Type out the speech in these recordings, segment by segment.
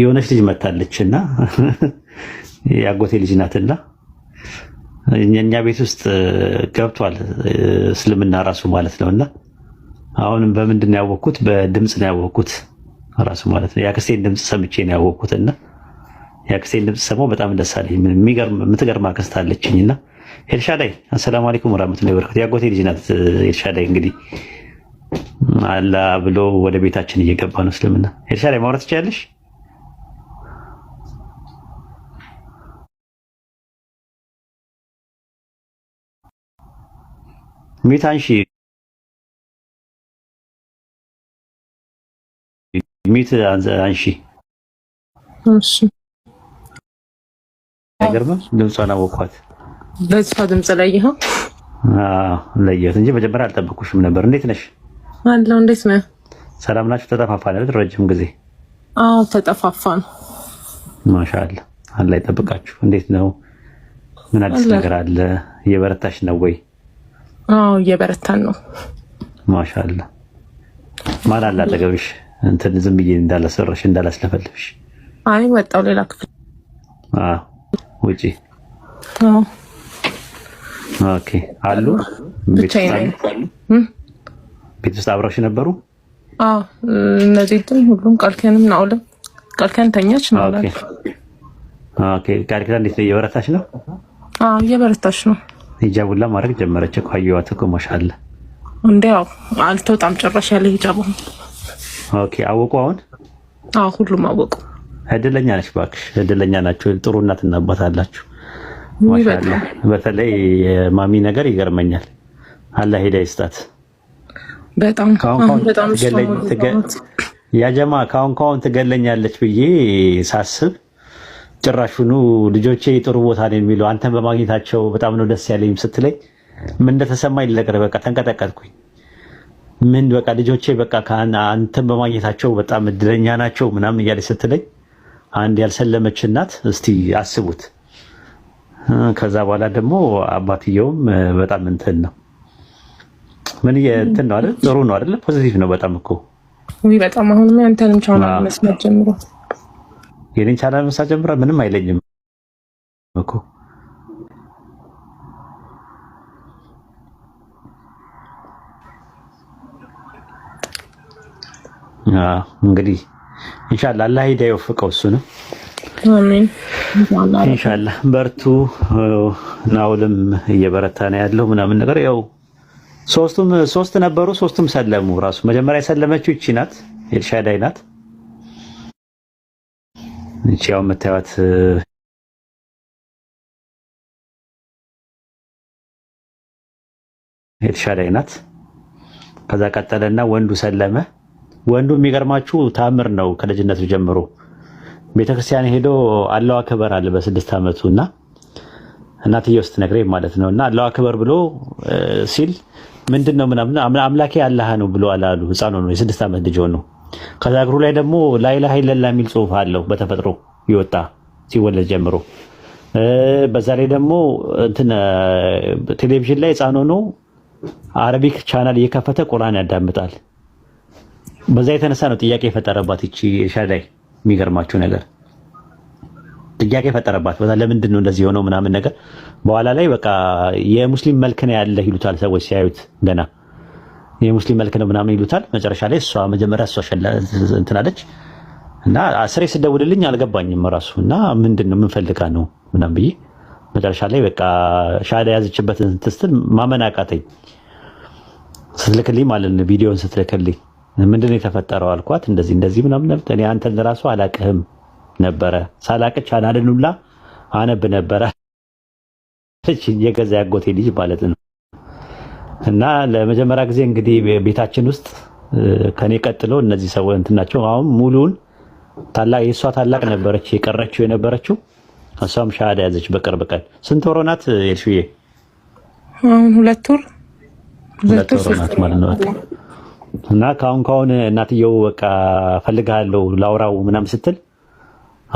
የሆነች ልጅ መታለች እና የአጎቴ ልጅ ናትና እኛ ቤት ውስጥ ገብቷል እስልምና ራሱ ማለት ነው። እና አሁንም በምንድን ነው ያወቅኩት? በድምፅ ነው ያወቅኩት ራሱ ማለት ነው። የአክስቴን ድምፅ ሰምቼ ነው ያወቅኩት። እና የአክስቴን ድምፅ ሰማሁ፣ በጣም ደስ አለኝ። የምትገርም አክስት አለችኝ እና ኤልሻዳይ፣ አሰላሙ አለይኩም ወራህመቱላሂ ወበረካቱ። የአጎቴ ልጅ ናት ኤልሻዳይ። እንግዲህ አላ ብሎ ወደ ቤታችን እየገባ ነው እስልምና። ኤልሻዳይ ማውራት ትችያለሽ? 梅滩市 ሚት አንሺ እሺ፣ አይገርምም? ድምጿን አወኳት። በእሷ ድምፅ ላይ ለየት እንጂ መጀመሪያ አልጠበኩሽም ነበር። እንዴት ነሽ? አለሁ። እንዴት ነህ? ሰላም ናችሁ? ተጠፋፋን አይደል? ረጅም ጊዜ። አዎ ተጠፋፋን። ማሻአላ አላህ ይጠብቃችሁ። እንዴት ነው? ምን አዲስ ነገር አለ? እየበረታሽ ነው ወይ? አዎ እየበረታን ነው። ማሻአላ ማን አለ አጠገብሽ? እንትን ዝም ብዬ እንዳላሰራሽ እንዳላስለፈልፍሽ። አይ ወጣው ሌላ ክፍል አዎ ውጪ። ኦኬ አሉ ቤት ውስጥ አብረውሽ ነበሩ? አዎ እነዚህም ሁሉም ቃልኪያንም ናውለም ቃልኪያን ተኛች ነው። ኦኬ ኦኬ ቃልኪያን እንዴት ነው? እየበረታሽ ነው? አዎ እየበረታሽ ነው። ሂጃቡላ ማድረግ ጀመረች እኮ አየኋት እኮ ማሻአላ። እንዲያው አልተወጣም ጭራሽ ያለ ሂጃቡ። ኦኬ አወቁ። አሁን አዎ ሁሉም አወቁ። እድለኛ ነች እባክሽ፣ እድለኛ ናቸው። ጥሩ እናት አባት አላችሁ። በተለይ ማሚ ነገር ይገርመኛል። አላህ ሂዳ ይስጣት። በጣም በጣም ያ ጀማ ካሁን ካሁን ትገለኛለች ብዬ ሳስብ ጭራሹኑ ልጆቼ ጥሩ ቦታ ነው የሚለው አንተን በማግኘታቸው በጣም ነው ደስ ያለኝ ስትለኝ ምን እንደተሰማኝ ልነግርህ በቃ ተንቀጠቀጥኩኝ። ምን በቃ ልጆቼ በቃ አንተን በማግኘታቸው በጣም እድለኛ ናቸው ምናምን እያለ ስትለኝ አንድ ያልሰለመች እናት እስቲ አስቡት። ከዛ በኋላ ደግሞ አባትየውም በጣም እንትን ነው ምን እንትን ነው አይደል? ጥሩ ነው አይደል? ፖዚቲቭ ነው በጣም እኮ በጣም አሁን አንተንም ቻናል መስመር ጀምሮ የኔን ቻናል መሳ ጀምራ ምንም አይለኝም እኮ እንግዲህ ኢንሻላ አላህ ሂዳ ይወፍቀው እሱንም ኢንሻላ በርቱ። ናውልም እየበረታ ነው ያለው ምናምን ነገር ያው ሶስቱም ሶስት ነበሩ፣ ሶስቱም ሰለሙ። ራሱ መጀመሪያ የሰለመችው ይቺ ናት፣ ኤልሻዳይ ናት። እቺ ያው የምታዩት ኤልሻዳይ ናት። ከዛ ቀጠለና ወንዱ ሰለመ። ወንዱ የሚገርማችሁ ታምር ነው። ከልጅነቱ ጀምሮ ቤተክርስቲያን ሄዶ አላሁ አክበር አለ በስድስት ዓመቱ እና እናትዬ ውስጥ ማለት ነው እና አላሁ አክበር ብሎ ሲል ምንድን ነው ምናምን አምላኬ አላህ ነው ብሎ አላሉ ህፃን ነው የስድስት ዓመት ልጅ ሆኖ ከዛ እግሩ ላይ ደግሞ ላይላ ሀይለላ የሚል ጽሁፍ አለው በተፈጥሮ ይወጣ ሲወለድ ጀምሮ። በዛ ላይ ደግሞ ቴሌቪዥን ላይ ህፃን ሆኖ አረቢክ ቻናል እየከፈተ ቁርአን ያዳምጣል። በዛ የተነሳ ነው ጥያቄ የፈጠረባት ይቺ ላይ የሚገርማችሁ ነገር ጥያቄ የፈጠረባት በዛ ለምንድን ነው እንደዚህ የሆነው ምናምን ነገር። በኋላ ላይ በቃ የሙስሊም መልክ ነው ያለ ይሉታል ሰዎች ሲያዩት ገና የሙስሊም መልክ ነው ምናምን ይሉታል። መጨረሻ ላይ እሷ መጀመሪያ እሷ እንትናለች እና ስሬ ስደውልልኝ አልገባኝም ራሱ እና ምንድን ነው የምንፈልጋ ነው ምናምን ብዬ መጨረሻ ላይ በቃ ሻሃዳ ያዘችበት ስትል ማመን አቃተኝ። ስትልክልኝ ማለት ነው ቪዲዮን ስትልክልኝ ምንድን የተፈጠረው አልኳት። እንደዚህ እንደዚህ ምናምን እኔ አንተን ራሱ አላቅህም ነበረ ሳላቅች ቻናልን አነብ ነበረ የገዛ ያጎቴ ልጅ ማለት ነው። እና ለመጀመሪያ ጊዜ እንግዲህ ቤታችን ውስጥ ከኔ ቀጥሎ እነዚህ ሰው እንትን ናቸው። አሁን ሙሉን ታላቅ የእሷ ታላቅ ነበረች የቀረችው የነበረችው እሷም ሻሃዳ ያዘች በቅርብ ቀን። ስንት ወር ናት ኤልሹዬ? ሁለት ወር ሁለት ወር ማለት ነው። እና ከአሁን ከአሁን እናትየው በቃ ፈልጋለው ላውራው ምናምን ስትል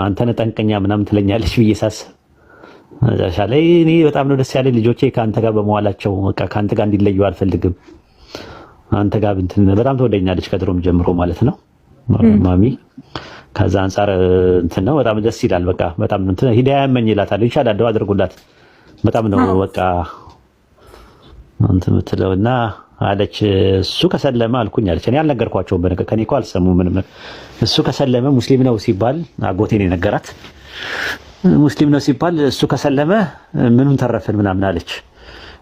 አንተን ጠንቀኛ ምናምን ትለኛለች ብዬ ሳስብ መጨረሻ ላይ እኔ በጣም ነው ደስ ያለኝ ልጆቼ ከአንተ ጋር በመዋላቸው በቃ ከአንተ ጋር እንዲለዩ አልፈልግም። አንተ ጋር እንትን በጣም ተወደኛለች ከድሮም ጀምሮ ማለት ነው ማሚ። ከዛ አንጻር እንትን ነው በጣም ደስ ይላል። በቃ በጣም ነው እንትን ሂዳያ መኝ ይላታል። ኢንሻአላህ ደው አድርጉላት። በጣም ነው በቃ እንትን የምትለውና አለች እሱ ከሰለመ አልኩኝ አለች። እኔ አልነገርኳቸውም በነገ ከኔ እኮ አልሰሙም ምንም። እሱ ከሰለመ ሙስሊም ነው ሲባል አጎቴን የነገራት ሙስሊም ነው ሲባል እሱ ከሰለመ ምኑን ተረፍን ምናምን አለች።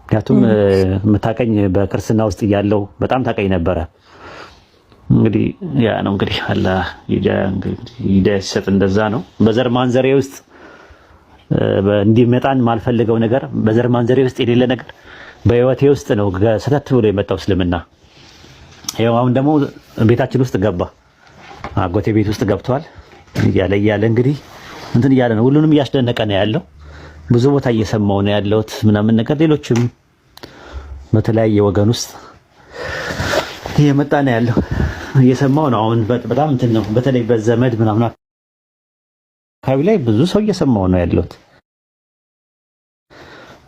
ምክንያቱም የምታቀኝ በክርስትና ውስጥ እያለው በጣም ታቀኝ ነበረ። እንግዲህ ያ ነው እንግዲህ አላ ሂዳያ ሲሰጥ እንደዛ ነው። በዘር ማንዘሬ ውስጥ እንዲመጣን ማልፈልገው ነገር፣ በዘር ማንዘሬ ውስጥ የሌለ ነገር በህይወቴ ውስጥ ነው ሰተት ብሎ የመጣው እስልምና። ይኸው አሁን ደግሞ ቤታችን ውስጥ ገባ፣ አጎቴ ቤት ውስጥ ገብቷል እያለ እያለ እንግዲህ እንትን እያለ ነው፣ ሁሉንም እያስደነቀ ነው ያለው። ብዙ ቦታ እየሰማው ነው ያለውት ምናምን ነገር ሌሎችም በተለያየ ወገን ውስጥ እየመጣ ነው ያለው፣ እየሰማው ነው። አሁን በጣም እንትን ነው፣ በተለይ በዘመድ ምናምን አካባቢ ላይ ብዙ ሰው እየሰማው ነው ያለውት።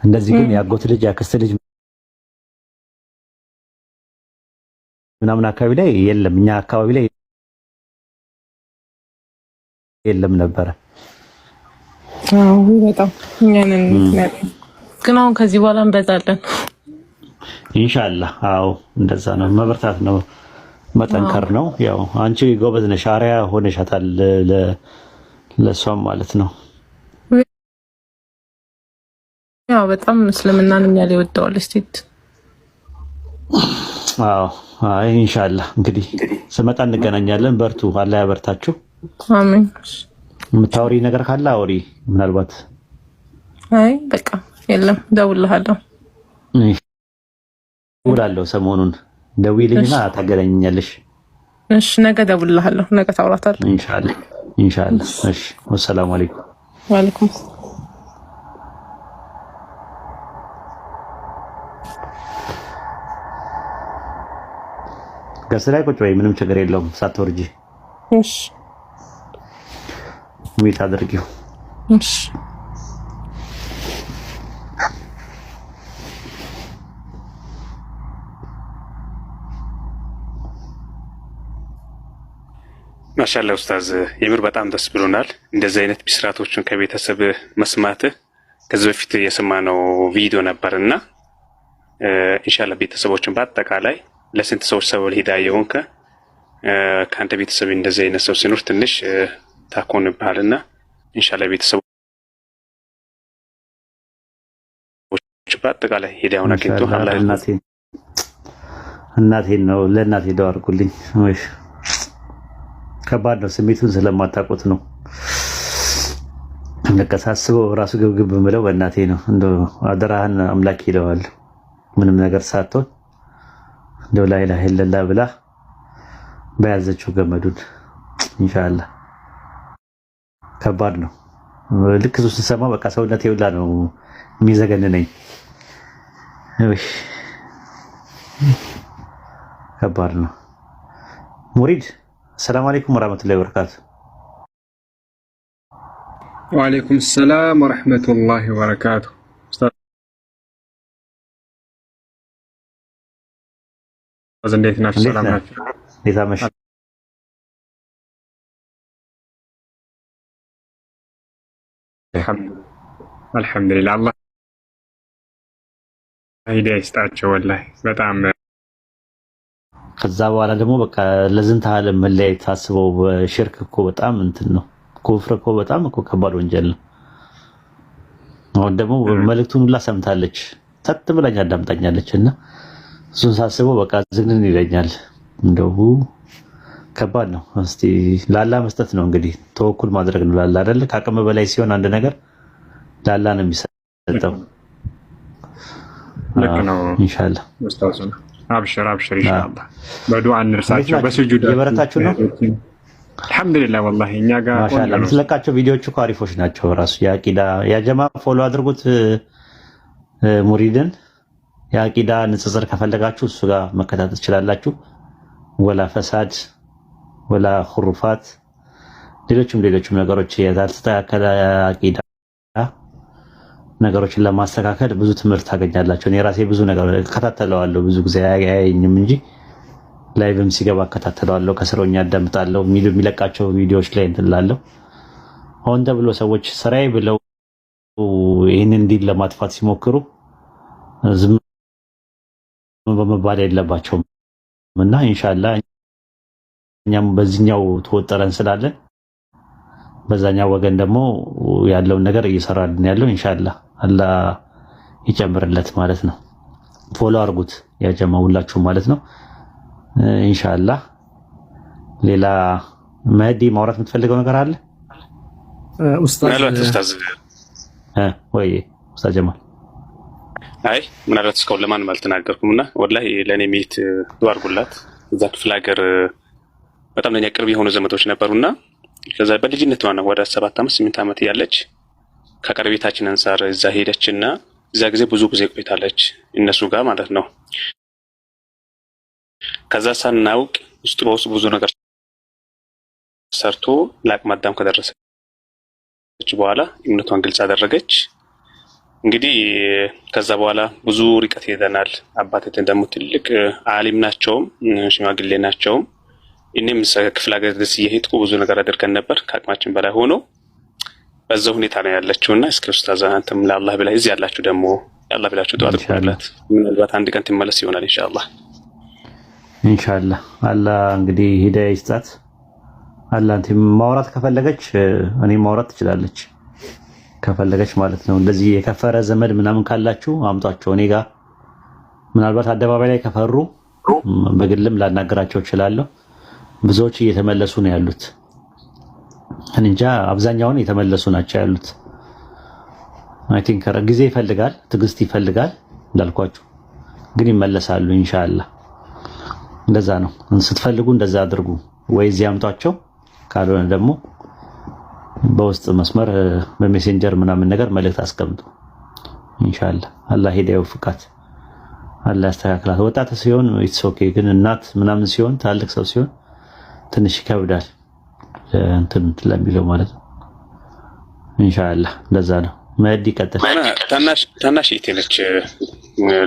እንደዚህ ግን የአጎት ልጅ ያክስት ልጅ ምናምን አካባቢ ላይ የለም፣ እኛ አካባቢ ላይ የለም ነበረ። በጣም ግን አሁን ከዚህ በኋላ እንበዛለን ኢንሻላህ። አዎ እንደዛ ነው። መበርታት ነው፣ መጠንከር ነው። ያው አንቺ ጎበዝ ነሽ፣ አሪያ ሆነሻታል ለእሷም ማለት ነው። ያው በጣም እስልምናን የሚያል ይወደዋል። እስቲት አዎ። አይ ኢንሻላህ እንግዲህ ስመጣ እንገናኛለን። በርቱ፣ አላህ ያበርታችሁ። አሜን። የምታወሪ ነገር ካለ አውሪ። ምናልባት አይ በቃ የለም ደውልሃለሁ። እውላለሁ ሰሞኑን ደውዪልኝና ታገናኛለሽ። እሺ ነገ ደውልሃለሁ፣ ነገ ታውራታለህ። ኢንሻአላህ ኢንሻአላህ። እሺ ወሰላሙ አለይኩም። ወአለይኩም ገስላይ ቁጭ በይ፣ ምንም ችግር የለውም ሳትወርጂ። እሺ ቤት አድርጊው። እሺ ማሻላ ኡስታዝ፣ የምር በጣም ደስ ብሎናል እንደዚህ አይነት ብስራቶችን ከቤተሰብ መስማት ከዚህ በፊት የሰማነው ቪዲዮ ነበር እና ኢንሻላ ቤተሰቦችን በአጠቃላይ ለስንት ሰዎች ሰበብ ሂዳ የሆንከ ከአንተ ቤተሰብ እንደዚህ አይነት ሰው ሲኖር ትንሽ ታኮን ይባልና ኢንሻላ ቤተሰቡ በአጠቃላይ ሂዳውን አግኝቶ እናቴን ነው ለእናቴ ደው አድርጉልኝ። ከባድ ነው፣ ስሜቱን ስለማታውቁት ነው። ራሱ ግብግብ ምለው በእናቴ ነው። እንደ አደራህን አምላክ ይለዋል። ምንም ነገር ሳትሆን እንደው ላይላ ለላ ብላ በያዘችው ገመዱን ከባድ ነው። ልክ እሱ ስሰማ በቃ ሰውነት የውላ ነው የሚዘገንነኝ። ከባድ ነው። ሙሪድ ሰላም አለይኩም ወራህመቱላሂ ወበረካቱ። ወአለይኩም ሰላም ወራህመቱላሂ ወበረካቱ። እንዴት ናችሁ? ሰላም ናችሁ? አልሐምዱሊላህ አላህ ሂዳያ ይስጣቸው። ወላሂ በጣም ከዛ በኋላ ደግሞ በቃ ለዝንተ ዓለም መለያየት ታስበው ሽርክ እኮ በጣም እንትን ነው። ኩፍር እኮ በጣም እኮ ከባድ ወንጀል ነው። አሁን ደግሞ መልእክቱን ሁላ ሰምታለች፣ ሰጥ ብላኝ አዳምጣኛለች እና እሱን ሳስበው በቃ ዝግንን ይለኛል እንደው ከባድ ነው። እስቲ ላላ መስጠት ነው እንግዲህ ተወኩል ማድረግ ነው ላላ አይደለ? ከአቅም በላይ ሲሆን አንድ ነገር ላላ ነው የሚሰጠው። ልክ ነው። እኮ አሪፎች ናቸው። ራሱ የአቂዳ የጀማ ፎሎ አድርጉት ሙሪድን የአቂዳ ንጽጽር ከፈለጋችሁ እሱ ጋር መከታተል ትችላላችሁ። ወላ ፈሳድ ወላ ሁሩፋት ሌሎችም ሌሎችም ነገሮች ያልተስተካከለ አቂዳ ነገሮችን ለማስተካከል ብዙ ትምህርት ታገኛላቸው። እኔ ራሴ ብዙ ነገር እከታተለዋለሁ። ብዙ ጊዜ አያየኝም እንጂ ላይቭም ሲገባ እከታተለዋለሁ። ከስረኛ ያዳምጣለሁ። የሚለቃቸው ቪዲዮዎች ላይ እንትን ሆን ተብሎ ሰዎች ስራዬ ብለው ይህን እንዲን ለማጥፋት ሲሞክሩ ዝም በመባል የለባቸውም እና ኢንሻላህ እኛም በዚህኛው ተወጠረን ስላለን በዛኛው ወገን ደግሞ ያለውን ነገር እየሰራልን ያለው እንሻላ አላ ይጨምርለት ማለት ነው። ፎሎ አርጉት ያጀማ ሁላችሁም ማለት ነው። እንሻላ ሌላ መህዲ ማውራት የምትፈልገው ነገር አለ? ወይ ኡስታዝ ጀማል አይ ምናልባት እስካሁን ለማንም አልተናገርኩም እና ወላሂ ለእኔ ሚት ዱአ አድርጉላት እዛ ክፍለ ሀገር በጣም ለኛ ቅርብ የሆኑ ዘመዶች ነበሩና ከዛ በልጅነት ነው ወደ ሰባት አምስት ስምንት አመት እያለች ከቀረቤታችን አንጻር እዛ ሄደችና እዛ ጊዜ ብዙ ጊዜ ቆይታለች እነሱ ጋር ማለት ነው። ከዛ ሳናውቅ ውስጥ በውስጥ ብዙ ነገር ሰርቶ ለአቅመ አዳም ከደረሰች በኋላ እምነቷን ግልጽ አደረገች። እንግዲህ ከዛ በኋላ ብዙ ርቀት ሄደናል። አባትትን ደግሞ ትልቅ አሊም ናቸውም ሽማግሌ ናቸውም እኔም ክፍለ ሀገር ድረስ እየሄድኩ ብዙ ነገር አድርገን ነበር። ከአቅማችን በላይ ሆኖ በዛ ሁኔታ ነው ያለችው እና እስኪ ኡስታዝ አንተም ለአላህ ብላ እዚህ ያላችሁ ደግሞ ለአላህ ብላችሁ ጠዋት ላት ምናልባት አንድ ቀን ትመለስ ይሆናል እንሻላ እንሻላ አላ እንግዲህ ሂዳያ ይስጣት። አላ አላህ ማውራት ከፈለገች እኔ ማውራት ትችላለች ከፈለገች ማለት ነው። እንደዚህ የከፈረ ዘመድ ምናምን ካላችሁ አምጧቸው እኔ ጋር ምናልባት አደባባይ ላይ ከፈሩ በግልም ላናገራቸው እችላለሁ። ብዙዎች እየተመለሱ ነው ያሉት። እንጃ አብዛኛውን የተመለሱ ናቸው ያሉት። አይ ቲንክ ጊዜ ይፈልጋል፣ ትዕግስት ይፈልጋል። እንዳልኳችሁ ግን ይመለሳሉ ኢንሻአላህ። እንደዛ ነው። ስትፈልጉ እንደዛ አድርጉ። ወይ እዚህ አምጧቸው፣ ካልሆነ ደግሞ በውስጥ መስመር በሜሴንጀር ምናምን ነገር መልእክት አስቀምጡ። ኢንሻአላህ አላህ ሂዳ ይወፍቃት፣ አላህ ያስተካክላት። ወጣት ሲሆን ኢትስ ኦኬ፣ ግን እናት ምናምን ሲሆን ታልቅ ሰው ሲሆን ትንሽ ይከብዳል እንትን ለሚለው ማለት ነው። ኢንሻአላህ እንደዛ ነው። መዲ ቀጥል። ታናሽ ታናሽ ነች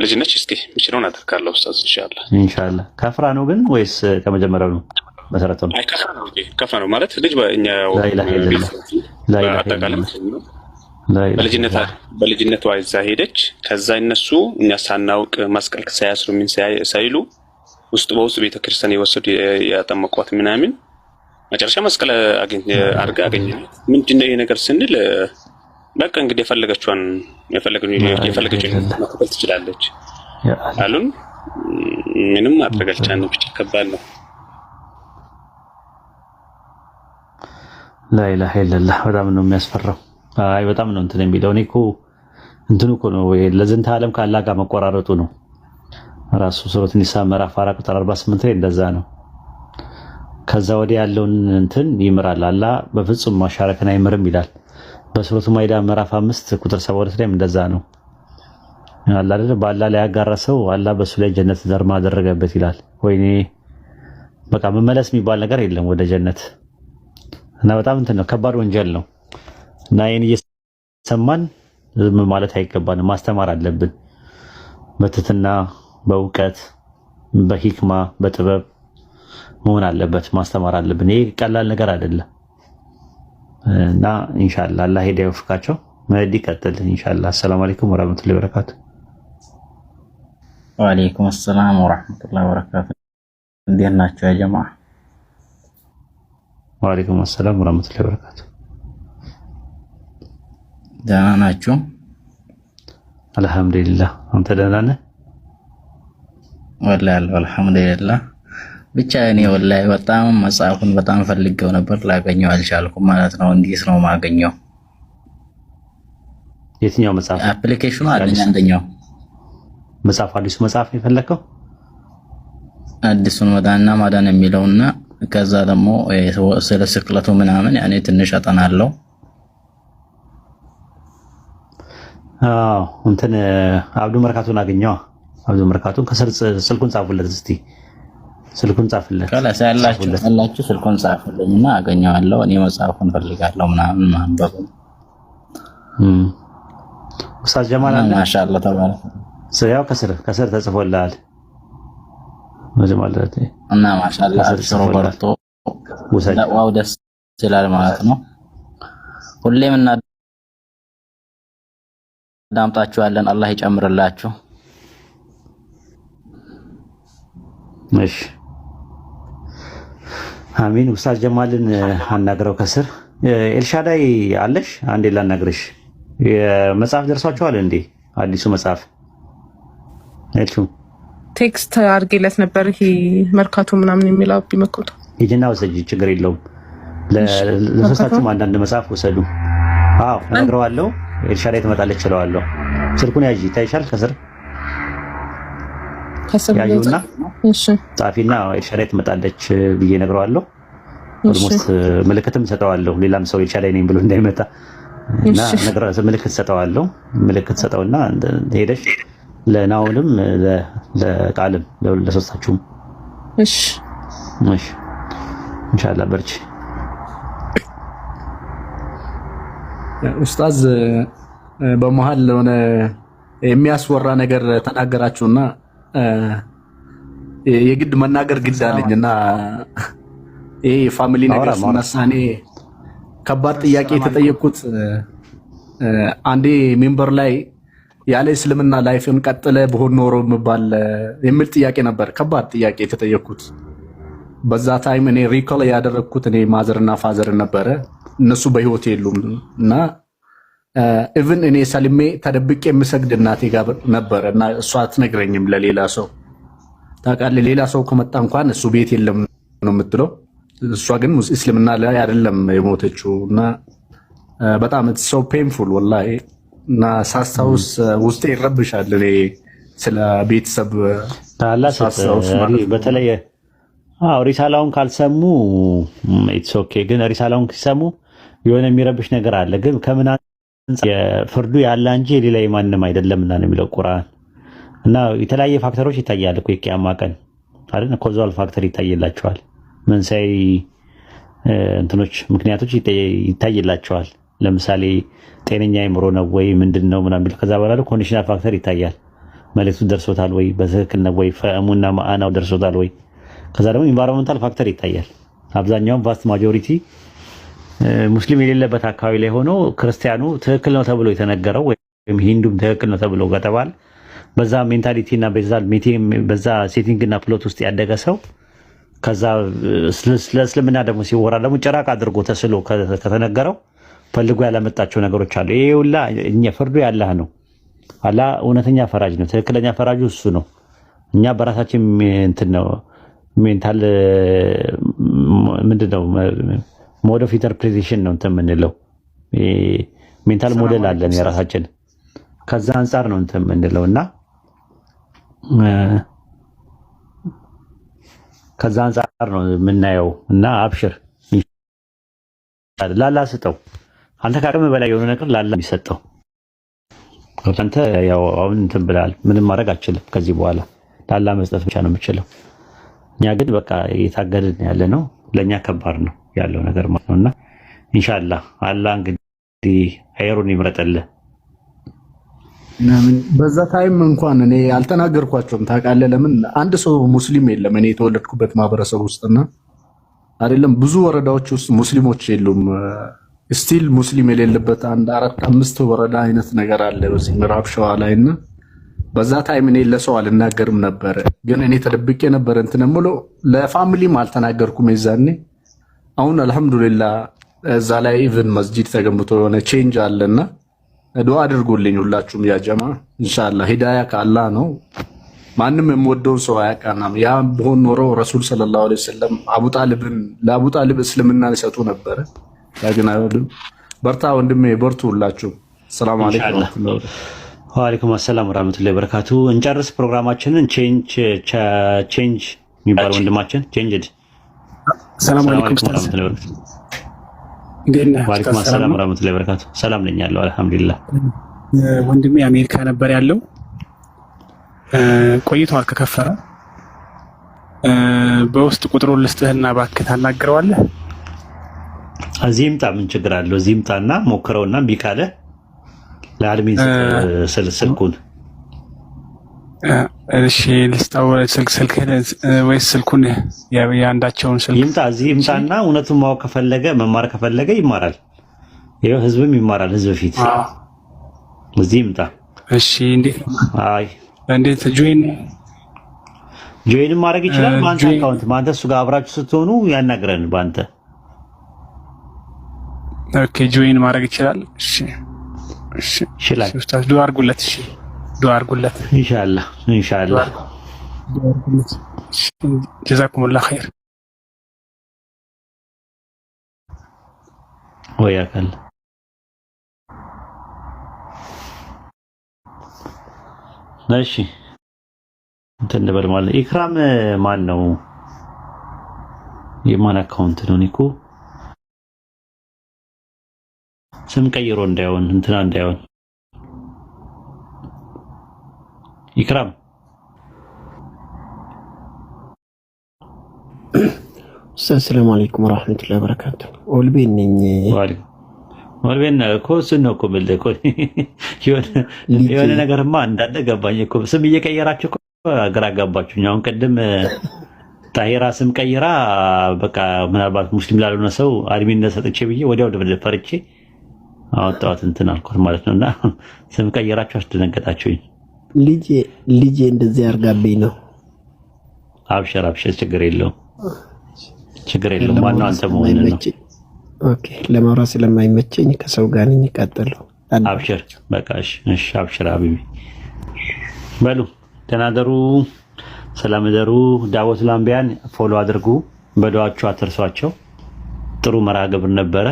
ልጅ ነች። እስኪ ምችለውን አደርጋለሁ ኡስታዝ። ኢንሻአላህ ኢንሻአላህ። ከፍራ ነው ግን ወይስ ከመጀመሪያው ነው? መሰረቱ ነው። አይ ከፍራ ነው። ማለት ልጅ በእኛ በልጅነት በልጅነቷ እዛ ሄደች። ከዛ እነሱ እኛ ሳናውቅ ማስቀልክ ሳያስሩ ምን ሳይሉ ውስጥ በውስጥ ቤተክርስቲያን የወሰዱ ያጠመቋት ምናምን መጨረሻ መስቀል አድርጋ አገኘ። ምንድን ነው ይሄ ነገር ስንል በቃ እንግዲህ የፈለገችውን የፈለገችውን መከተል ትችላለች አሉን። ምንም ማድረግ አልቻልንም። ብቻ ከባድ ነው። ላኢላሀ ኢለላህ በጣም ነው የሚያስፈራው። አይ በጣም ነው እንትን የሚለው እኔ እኮ እንትኑ እኮ ነው ለዝንተ ዓለም ካላ ጋር መቆራረጡ ነው ራሱ ሱረት ኒሳ ምዕራፍ 4 ቁጥር 48 ላይ እንደዛ ነው። ከዛ ወዲህ ያለውን እንትን ይምራል። አላ በፍጹም ማሻረክን አይምርም ይላል። በሱረቱ ማይዳ ምዕራፍ 5 ቁጥር 72 ላይ እንደዛ ነው። አላ አይደል በአላህ ላይ ያጋራ ሰው አላህ በሱ ላይ ጀነት ዘርማ አደረገበት ይላል። ወይኔ በቃ መመለስ የሚባል ነገር የለም ወደ ጀነት እና በጣም እንትን ነው፣ ከባድ ወንጀል ነው እና ይህን እየሰማን ዝም ማለት አይገባንም። ማስተማር አለብን በትትና በእውቀት በሂክማ በጥበብ መሆን አለበት፣ ማስተማር አለብን። ይሄ ቀላል ነገር አይደለም እና ኢንሻላ አላህ ሄዳ ይወፍቃቸው። መህዲ ቀጥል ኢንሻላ። አሰላሙ አለይኩም ወረህመቱላሂ ወበረካቱ። ወአለይኩም አሰላም ወረህመቱላሂ ወበረካቱ። እንዴት ናቸው ያ ጀማዓ? ወአለይኩም አሰላም ወረህመቱላሂ ወበረካቱ። ደህና ናቸው። አልሐምዱሊላህ። አንተ ደህና ነህ? ወላሂ አለሁ አልሐምዱሊላህ። ብቻ እኔ ወላሂ በጣም መጽሐፉን በጣም ፈልገው ነበር ላገኘው አልቻልኩም ማለት ነው። እንዴት ነው ማገኘው? የትኛው መጽሐፍ? አፕሊኬሽኑ አለኝ አንደኛው መጽሐፍ አዲሱ መጽሐፍ የፈለከው አዲሱን መዳንና ማዳን የሚለውና ከዛ ደግሞ ስለ ስቅለቱ ምናምን ያኔ ትንሽ አጠናለው። አዎ እንትን አብዱ መርካቱን አገኘዋ አብዞ መርካቱን ስልኩን ጻፉለት፣ እስቲ ስልኩን ጻፍለት ያላችሁ ያላችሁ ስልኩን ጻፉልኝ እና አገኘዋለሁ። እኔ መጽሐፉን ፈልጋለሁ ምናምን ማንበብ ኡስታዝ ጀማል አለ ማሻአላ ተባለ። ሰያው ከስር ከስር ተጽፎልሃል መጀመሪያ እና ማሻአላ አብሽሮ በርቶ ዋው ደስ ይላል ማለት ነው። ሁሌም እና እናዳምጣችኋለን። አላህ ይጨምርላችሁ። እሺ አሚን። ውስታዝ ጀማልን አናግረው ከስር ኤልሻዳይ አለሽ አንዴ ላናግርሽ። መጽሐፍ ደርሷችኋል እንዴ? አዲሱ መጽሐፍ እልቹ ቴክስት አድርጌለት ነበር። ይሄ መርካቶ ምናምን የሚል አብ ሂጂና ወሰጂ፣ ችግር የለውም። ለሶስታችሁም አንዳንድ መጽሐፍ ወሰዱ። አዎ እነግረዋለሁ። ኤልሻዳይ ትመጣለች ችለዋለሁ። ስልኩን ያዥ ይታይሻል ከስር ያዩና ጻፊና የሻላይ ትመጣለች ብዬ ነግረዋለሁ። ኦልሞስት ምልክትም ሰጠዋለሁ። ሌላም ሰው የሻላይ ነኝ ብሎ እንዳይመጣ ምልክት ሰጠዋለሁ። ምልክት ሰጠውና ሄደሽ ለናውንም ለቃልም ለሶስታችሁም እንሻላ በርች ኡስታዝ በመሀል ለሆነ የሚያስወራ ነገር ተናገራችሁና የግድ መናገር ግድ አለኝ እና ይሄ የፋሚሊ ነገር ስነሳ እኔ ከባድ ጥያቄ የተጠየቅኩት አንዴ ሜምበር ላይ ያለ እስልምና ላይፍን ቀጥለ በሆን ኖሮ የሚባል የሚል ጥያቄ ነበር። ከባድ ጥያቄ የተጠየቅኩት በዛ ታይም እኔ ሪኮል ያደረግኩት እኔ ማዘርና ፋዘር ነበረ። እነሱ በህይወት የሉም እና ኢቭን እኔ ሰልሜ ተደብቄ የምሰግድ እናቴ ጋር ነበር እና እሷ አትነግረኝም ለሌላ ሰው ታውቃለህ። ሌላ ሰው ከመጣ እንኳን እሱ ቤት የለም ነው የምትለው። እሷ ግን እስልምና ላይ አይደለም የሞተችው እና በጣም ሰው ፔንፉል ወላሂ እና ሳስታውስ ውስጤ ይረብሻል። እኔ ስለ ቤተሰብ በተለየ ሪሳላውን ካልሰሙ ኢትስ ኦኬ፣ ግን ሪሳላውን ሲሰሙ የሆነ የሚረብሽ ነገር አለ ግን ከምን የፍርዱ ያለ እንጂ የሌላ ማንም አይደለም ና የሚለው ቁርአን እና የተለያየ ፋክተሮች ይታያል እኮ የቅያማ ቀን አይደል ኮዛል ፋክተር ይታይላቸዋል መንሳይ እንትኖች ምክንያቶች ይታይላቸዋል ለምሳሌ ጤነኛ አይምሮ ነው ወይ ምንድን ነው ምናምን የሚለው ከዛ በኋላ ኮንዲሽናል ፋክተር ይታያል መልእክቱ ደርሶታል ወይ በትክክል ነው ወይ ፈእሙና ማአናው ደርሶታል ወይ ከዛ ደግሞ ኢንቫይሮንመንታል ፋክተር ይታያል አብዛኛውም ቫስት ማጆሪቲ ሙስሊም የሌለበት አካባቢ ላይ ሆኖ ክርስቲያኑ ትክክል ነው ተብሎ የተነገረው ወይም ሂንዱም ትክክል ነው ተብሎ ከተባለ በዛ ሜንታሊቲ እና በዛ ሴቲንግ ሴቲንግና ፕሎት ውስጥ ያደገ ሰው ከዛ ለእስልምና ደግሞ ሲወራ ደግሞ ጭራቅ አድርጎ ተስሎ ከተነገረው ፈልጎ ያላመጣቸው ነገሮች አሉ። ይሄ ሁላ ፍርዱ ያለህ ነው። አላ እውነተኛ ፈራጅ ነው። ትክክለኛ ፈራጁ እሱ ነው። እኛ በራሳችን ሜንታል ምንድን ነው ሞድ ኦፍ ኢንተርፕሬቴሽን ነው እንትን የምንለው ሜንታል ሞዴል አለን የራሳችን ከዛ አንጻር ነው እንትን የምንለው እና ከዛ አንጻር ነው የምናየው እና አብሽር ላላ ስጠው። አንተ ከአቅም በላይ የሆነ ነገር ላላ የሚሰጠው አንተ ያው አሁን እንትን ብላል። ምንም ማድረግ አችልም ከዚህ በኋላ ላላ መስጠት ብቻ ነው የምችለው። እኛ ግን በቃ የታገድን ያለ ነው። ለእኛ ከባድ ነው። ያለው ነገር ማለት ነውና አላህ እንግዲህ ኸይሩን ይምረጥልህ ምናምን። በዛ ታይም እንኳን እኔ አልተናገርኳቸውም ታውቃለህ። ለምን አንድ ሰው ሙስሊም የለም እኔ የተወለድኩበት ማህበረሰብ ውስጥና አይደለም ብዙ ወረዳዎች ውስጥ ሙስሊሞች የሉም። ስቲል ሙስሊም የሌለበት አንድ አራት አምስት ወረዳ አይነት ነገር አለ በዚህ ምዕራብ ሸዋ ላይ እና በዛ ታይም እኔ ለሰው አልናገርም ነበረ፣ ግን እኔ ተደብቄ ነበር እንትን የምለው ለፋሚሊም አልተናገርኩም የዛኔ አሁን አልሐምዱሊላ እዛ ላይ ኢቭን መስጂድ ተገንብቶ የሆነ ቼንጅ አለና ዱዓ አድርጉልኝ ሁላችሁም ያጀማ እንሻላ ሂዳያ ከአላህ ነው። ማንም የምወደውን ሰው አያቃናም። ያ በሆን ኖሮ ረሱል ሰለላሁ ዐለይሂ ወሰለም አቡ ጣልብን እስልምና ሊሰጡ ነበረ። ያግና በርታ ወንድሜ በርቱ። ሁላችሁም ሰላም አለይኩም። ወአለይኩም አሰላም ወራህመቱላሂ ወበረካቱ። እንጨርስ ፕሮግራማችንን ቼንጅ ቼንጅ የሚባል ወንድማችን ቼንጅድ ሰላም አለይኩም ሰላም ወራህመቱላሂ ወበረካቱ። ሰላም ነኝ ያለው አልሐምዱሊላህ። ወንድሜ አሜሪካ ነበር ያለው ቆይተዋል ከከፈረ በውስጥ ቁጥሩን ልስጥህና እባክህ ታናግረዋለህ። እዚህ ይምጣ፣ ምን ችግር አለው? እዚህ ይምጣና ሞክረውና እምቢ ካለ ለአድሚን ስልኩን እሺ ልስጣወረ ስልክ ስልክ ወይስ ስልኩን የአንዳቸውን ስልክ ይምጣ፣ እዚህ ይምጣና እውነቱን ማወቅ ከፈለገ መማር ከፈለገ ይማራል። ይኸው ህዝብም ይማራል። ህዝብ ፊት እዚህ ይምጣ። እሺ እንዴት አይ እንዴት ጆይን ጆይን ማድረግ ይችላል። በአንተ አካውንት በአንተ እሱ ጋር አብራችሁ ስትሆኑ ያናግረን። በአንተ ኦኬ ጆይን ማድረግ ይችላል። እሺ እሺ ይችላል። አድርጉለት። እሺ ዱዓ አድርጉለት። ኢንሻአላህ ኢንሻአላህ። ጀዛኩሙላህ ኸይር ወያከል እሺ እንትን ልበል ማለት ኢክራም ማን ነው? የማን አካውንት ነው? እኔ ስም ቀይሮ እንዳይሆን እንትና እንዳይሆን ይክራም ሰላም አለይኩም ወራህመቱላሂ ወበረካቱ። ኦልቤ ነኝ። ኦልቤን እኮ እሱን ነው እኮ የምልህ እኮ የሆነ ነገርማ እንዳለ ገባኝ እኮ። ስም እየቀየራችሁ ግራ ገባችሁኝ። አሁን ቅድም ታሂራ ስም ቀይራ በቃ ምናልባት ሙስሊም ላልሆነ ሰው አድሚነት ሰጥቼ ብዬ ወዲያው ደብደብ ፈርቼ አወጣኋት እንትን አልኳት ማለት ነው። እና ስም ቀይራችሁ አስደነገጣችሁኝ። ልጄ ልጄ እንደዚህ አርጋብኝ ነው። አብሸር አብሸር፣ ችግር የለውም ችግር የለውም። ዋናው አንተ መሆን ነው። ኦኬ፣ ለማውራት ስለማይመቸኝ ከሰው ጋር ነኝ። ቀጥሉ። አብሽር በቃ እሺ፣ አብሸር አቢቢ። በሉ ተናደሩ፣ ሰላም ደሩ። ዳወት ላምቢያን ፎሎ አድርጉ፣ በዱዓችሁ አትርሷቸው። ጥሩ መርሃ ግብር ነበረ።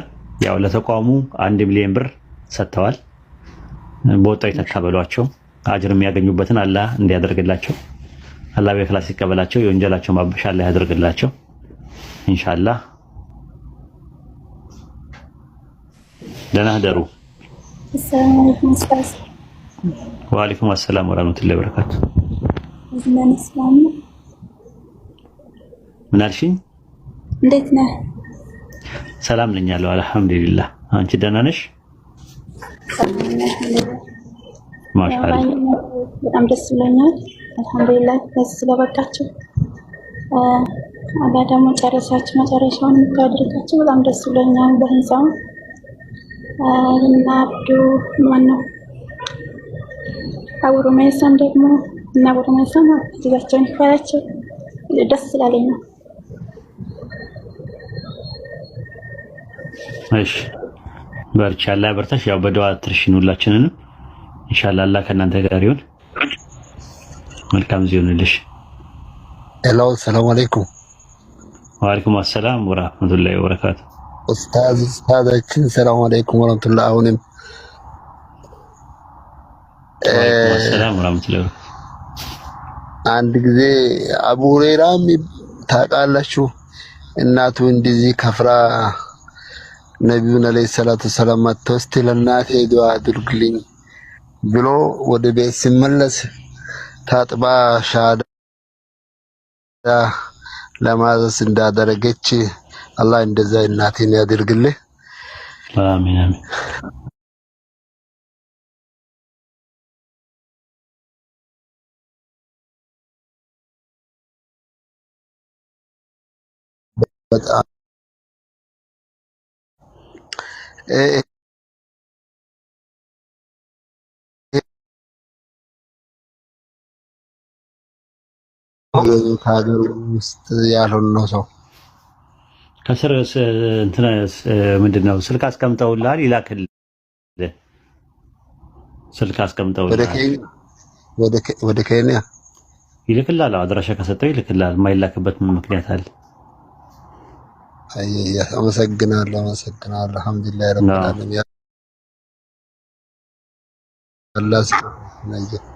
ያው ለተቋሙ አንድ ሚሊዮን ብር ሰጥተዋል። በወጣው የተካበሏቸው አጅር የሚያገኙበትን አላ እንዲያደርግላቸው አላ በእክላስ ይቀበላቸው። የወንጀላቸው ማበሻ አላ ያደርግላቸው እንሻላ ደህና ደሩ። ወአለይኩም አሰላም ወራህመቱላሂ ወበረካቱ። ምን አልሽኝ? እንዴት ነህ? ሰላም ነኝ አለው። አልሐምዱሊላህ። አንቺ ደህና ነሽ? ማሻአላ በጣም ደስ ብሎኛል። አልሐምዱሊላህ ስለበቃችሁ አላ ደግሞ ጨረሳችሁ መጨረሻውን የምታደርጋችሁ በጣም ደስ ብሎኛል። በህንፃው እና አብዱ ማን ነው መይሳም ደግሞ እና መይሳም ደስ ስላለኝ ነው። እሺ በርታሽ። ያው በደዋ ትርሽን ሁላችንንም ኢንሻላህ አላህ ከእናንተ ጋር ይሁን። መልካም ዚሁንልሽ። ሄሎ ሰላም አለይኩም። ወአለይኩም አሰላም ወራህመቱላሂ ወበረካቱ። ኡስታዝ ኡስታዛችን ሰላም አለይኩም ወራህመቱላሂ። አሁንም ሰላም ወራህመቱላሂ። አንድ ጊዜ አቡ ሁረይራ ታውቃላችሁ፣ እናቱ እንደዚህ ከፍራ ነቢዩን አለይሂ ሰላቱ ሰላም መጥተው እስቲ ለእናቴ ዱዓ አድርግልኝ ብሎ ወደ ቤት ሲመለስ ታጥባ ሻዳ ለማዘስ እንዳደረገች አላህ እንደዛ እናቴን ያድርግልህ። አሚን አሚን። በጣም ከሀገር ውስጥ ያልሆነው ሰው ከስር ምንድን ነው ስልክ አስቀምጠውልሃል ይላክል። ስልክ አስቀምጠውልሃል ወደ ኬንያ ይልክላል። አድራሻ ከሰጠው ይልክላል። የማይላክበት ምን ምክንያት አለ? አመሰግናለሁ፣ አመሰግናለሁ። አልሐምዱሊላህ ረብል ዓለሚን